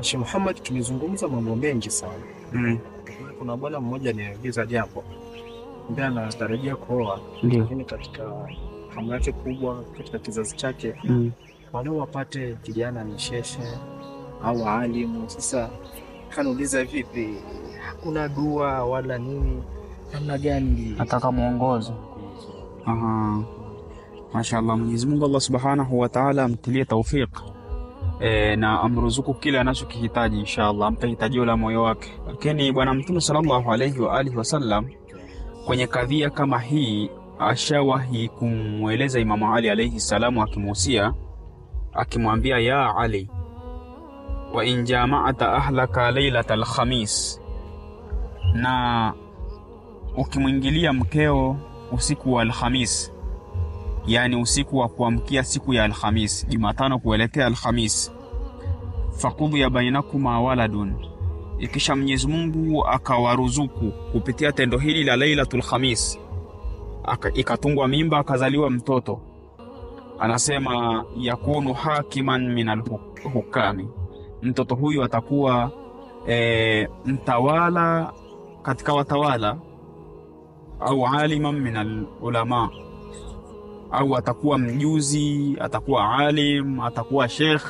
Ashi Muhammad tumezungumza mambo mengi sana mm. Kuna bwana mmoja niagiza jambo ambaye anatarajia kuoa, lakini katika hamu yake kubwa katika kizazi chake mm. wale wapate kijana ni sheshe au alimu. Sasa kanauliza vipi, hakuna dua wala nini, namna gani ataka mwongozo? Aha, mashaallah, Mwenyezi Mungu Allah subhanahu wa ta'ala amtilie tawfik e, na amruzuku kile anachokihitaji inshallah, ampe hitajio la moyo wake. Lakini Bwana Mtume sallallahu alaihi wa alihi wasallam kwenye kadhia kama hii ashawahi kumweleza Imamu Ali alaihi salamu, akimuhusia akimwambia, ya Ali wa in jamaata ahlaka lailata khamis, na ukimwingilia mkeo usiku wa Alhamis yani usiku wa kuamkia siku ya Alhamis, Jumatano kuelekea Alhamis. ya bainakuma waladun, ikisha Mwenyezi Mungu akawaruzuku kupitia tendo hili la Lailatul Khamis, ikatungwa mimba akazaliwa mtoto. Anasema yakunu hakiman min alhukami, mtoto huyu atakuwa e, mtawala katika watawala au aliman min alulama au atakuwa mjuzi, atakuwa alim, atakuwa sheikh,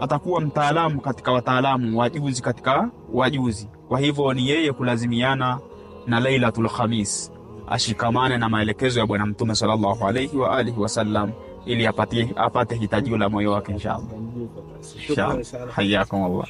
atakuwa mtaalamu katika wataalamu, wajuzi katika wajuzi. Kwa hivyo ni yeye kulazimiana na Lailatul Khamis ashikamane na maelekezo ya Bwana Mtume sallallahu alayhi wa alihi wasallam ili apate apate hitajio la moyo wake inshallah. hayyakum Allah.